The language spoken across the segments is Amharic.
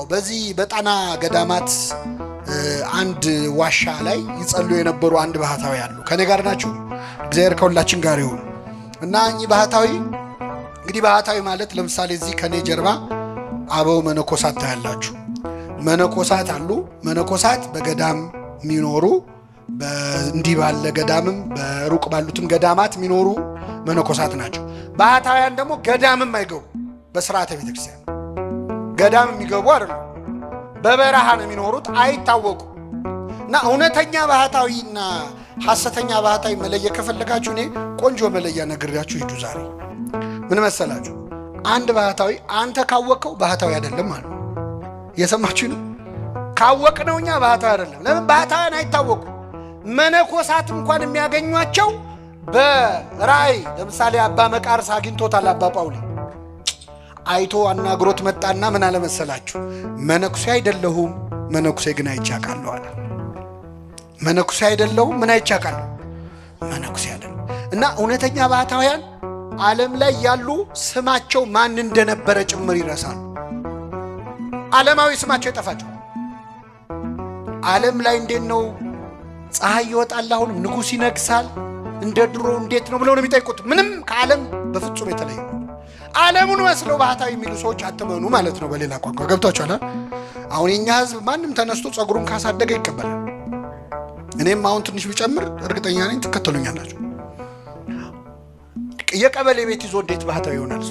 አዎ በዚህ በጣና ገዳማት አንድ ዋሻ ላይ ይጸሉ የነበሩ አንድ ባህታዊ አሉ። ከኔ ጋር ናችሁ። እግዚአብሔር ከሁላችን ጋር ይሁን እና እኚህ ባህታዊ እንግዲህ ባህታዊ ማለት ለምሳሌ እዚህ ከኔ ጀርባ አበው መነኮሳት ታያላችሁ። መነኮሳት አሉ። መነኮሳት በገዳም የሚኖሩ እንዲህ ባለ ገዳምም በሩቅ ባሉትም ገዳማት የሚኖሩ መነኮሳት ናቸው። ባህታውያን ደግሞ ገዳምም አይገቡ በስርዓተ ቤተክርስቲያን ገዳም የሚገቡ አይደሉም። በበረሃ ነው የሚኖሩት፣ አይታወቁ እና እውነተኛ ባህታዊና ሐሰተኛ ባህታዊ መለየ ከፈለጋችሁ እኔ ቆንጆ መለያ ነግሬያችሁ ሂዱ። ዛሬ ምን መሰላችሁ? አንድ ባህታዊ አንተ ካወቅከው ባህታዊ አይደለም አሉ። እየሰማችሁ ነው። ነው እኛ ባህታዊ አይደለም። ለምን? ባህታውያን አይታወቁ። መነኮሳት እንኳን የሚያገኟቸው በራእይ ለምሳሌ አባ መቃርስ አግኝቶታል አባ ጳውሊ አይቶ አናግሮት መጣና ምን አለመሰላችሁ? መነኩሴ አይደለሁም፣ መነኩሴ ግን አይቻቃለሁ አለ። መነኩሴ አይደለሁም፣ ምን አይቻቃለሁ፣ መነኩሴ አለ። እና እውነተኛ ባህታውያን ዓለም ላይ ያሉ ስማቸው ማን እንደነበረ ጭምር ይረሳሉ። ዓለማዊ ስማቸው ይጠፋቸው ዓለም ላይ እንዴት ነው? ፀሐይ ይወጣል፣ አሁን ንጉሥ ይነግሳል እንደ ድሮ እንዴት ነው ብለው ነው የሚጠይቁት። ምንም ከዓለም በፍጹም የተለየ ነው። ዓለሙን መስለው ባህታዊ የሚሉ ሰዎች አትመኑ ማለት ነው። በሌላ ቋንቋ ገብቷችኋል። አሁን የኛ ህዝብ ማንም ተነስቶ ጸጉሩን ካሳደገ ይቀበላል። እኔም አሁን ትንሽ ቢጨምር እርግጠኛ ነኝ ትከተሉኛላችሁ። የቀበሌ ቤት ይዞ እንዴት ባህታዊ ይሆናል?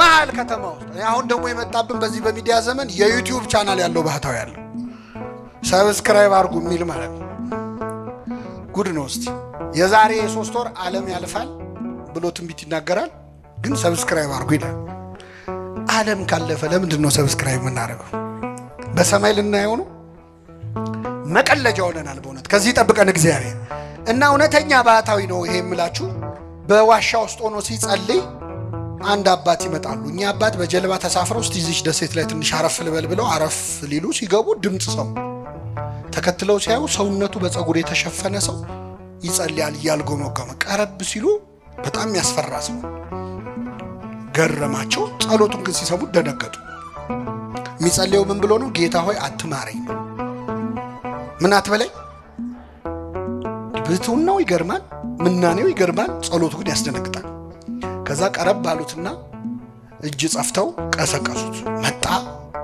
መሀል ከተማ ውስጥ አሁን ደግሞ የመጣብን በዚህ በሚዲያ ዘመን የዩቲዩብ ቻናል ያለው ባህታዊ ያለው ሰብስክራይብ አድርጉ የሚል ማለት ነው። ጉድ ነው። እስቲ የዛሬ የሶስት ወር ዓለም ያልፋል ብሎ ትንቢት ይናገራል። ግን ሰብስክራይብ አድርጉ ይላል። ዓለም ካለፈ ለምንድን ነው ሰብስክራይብ የምናደርገው? በሰማይ ልናየው ነው። መቀለጃ ሆነናል። በእውነት ከዚህ ጠብቀን እግዚአብሔር እና እውነተኛ ባህታዊ ነው ይሄ የምላችሁ። በዋሻ ውስጥ ሆኖ ሲጸልይ አንድ አባት ይመጣሉ። እኚህ አባት በጀልባ ተሳፍረው ውስጥ ደሴት ላይ ትንሽ አረፍ ልበል ብለው አረፍ ሊሉ ሲገቡ ድምፅ ሰሙ። ተከትለው ሲያዩ ሰውነቱ በፀጉር የተሸፈነ ሰው ይጸልያል እያልጎመጎመ ቀረብ ሲሉ በጣም ያስፈራ ሰው ገረማቸው። ጸሎቱን ግን ሲሰሙ ደነገጡ። የሚጸልየው ምን ብሎ ነው? ጌታ ሆይ አትማረኝ ነው። ምን አትበለኝ። ብትውናው ይገርማል፣ ምናኔው ይገርማል፣ ጸሎቱ ግን ያስደነግጣል። ከዛ ቀረብ ባሉትና እጅ ጸፍተው ቀሰቀሱት። መጣ፣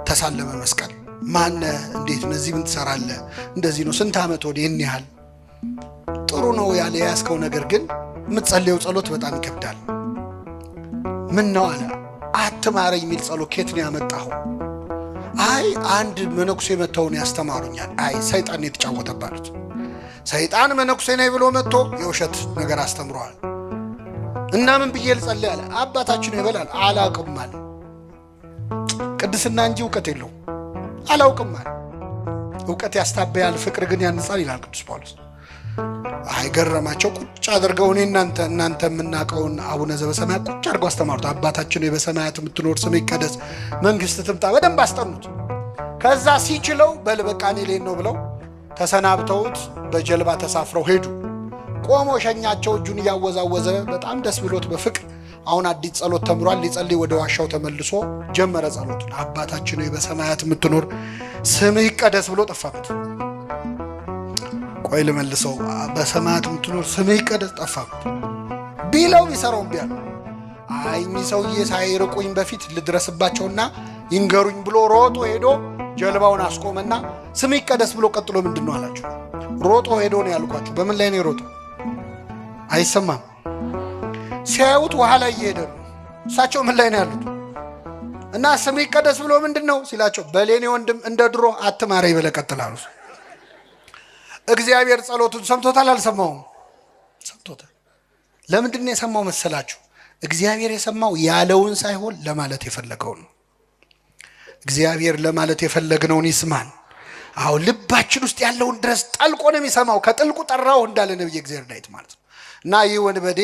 ተሳለመ መስቀል ማነ እንዴት እነዚህ ምን ትሰራለህ? እንደዚህ ነው። ስንት ዓመት ወደ ይህን ያህል ጥሩ ነው ያለ የያዝከው ነገር ግን የምትጸልየው ጸሎት በጣም ይከብዳል። ምን ነው አለ አትማረኝ የሚል ጸሎት ኬት ነው ያመጣሁ? አይ አንድ መነኩሴ መጥተውን ያስተማሩኛል። አይ ሰይጣን የተጫወተባሉት ሰይጣን መነኩሴ ነኝ ብሎ መጥቶ የውሸት ነገር አስተምረዋል። እና ምን ብዬ ልጸልይ አለ። አባታችን ይበላል አላቅም አለ። ቅድስና እንጂ እውቀት የለውም። አላውቅም አለ። እውቀት ያስታበያል፣ ፍቅር ግን ያንጻል ይላል ቅዱስ ጳውሎስ። አይገረማቸው ቁጭ አድርገው እኔ እናንተ እናንተ የምናውቀውን አቡነ ዘበሰማያት ቁጭ አድርገው አስተማሩት። አባታችን በሰማያት የምትኖር ስም ይቀደስ፣ መንግስት ትምጣ። በደንብ አስጠኑት። ከዛ ሲችለው በልበቃኔ ሌን ነው ብለው ተሰናብተውት በጀልባ ተሳፍረው ሄዱ። ቆሞ ሸኛቸው እጁን እያወዛወዘ በጣም ደስ ብሎት በፍቅር አሁን አዲስ ጸሎት ተምሯል። ሊጸልይ ወደ ዋሻው ተመልሶ ጀመረ ጸሎቱን። አባታችን ሆይ በሰማያት የምትኖር ስምህ ይቀደስ ብሎ ጠፋበት። ቆይ ልመልሰው። በሰማያት የምትኖር ስምህ ይቀደስ ጠፋበት ቢለው ቢሰራው እምቢ አለ። ሰውዬ ሳይርቁኝ በፊት ልድረስባቸውና ይንገሩኝ ብሎ ሮጦ ሄዶ ጀልባውን አስቆመና ስም ይቀደስ ብሎ ቀጥሎ ምንድን ነው አላቸው። ሮጦ ሄዶ ነው ያልኳቸው። በምን ላይ ነው የሮጠው? አይሰማም ሲያዩት ውሃ ላይ እየሄደ ነው። እሳቸው ምን ላይ ነው ያሉት? እና ስም ይቀደስ ብሎ ምንድን ነው ሲላቸው፣ በሌኔ ወንድም እንደ ድሮ አትማረ ይበለቀጥላሉ። እግዚአብሔር ጸሎቱን ሰምቶታል። አልሰማውም? ሰምቶታል። ለምንድን ነው የሰማው መሰላችሁ? እግዚአብሔር የሰማው ያለውን ሳይሆን ለማለት የፈለገው ነው። እግዚአብሔር ለማለት የፈለግነውን ይስማን። አሁ ልባችን ውስጥ ያለውን ድረስ ጠልቆ ነው የሚሰማው። ከጥልቁ ጠራው እንዳለ ነብይ እግዚአብሔር ዳዊት ማለት ነው። እና ይህ ወንበዴ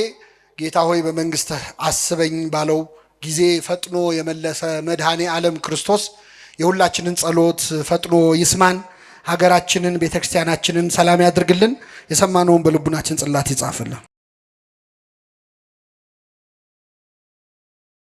ጌታ ሆይ በመንግስት አስበኝ ባለው ጊዜ ፈጥኖ የመለሰ መድኃኔ ዓለም ክርስቶስ የሁላችንን ጸሎት ፈጥኖ ይስማን። ሀገራችንን ቤተክርስቲያናችንን ሰላም ያድርግልን። የሰማነውን በልቡናችን ጽላት ይጻፍልን።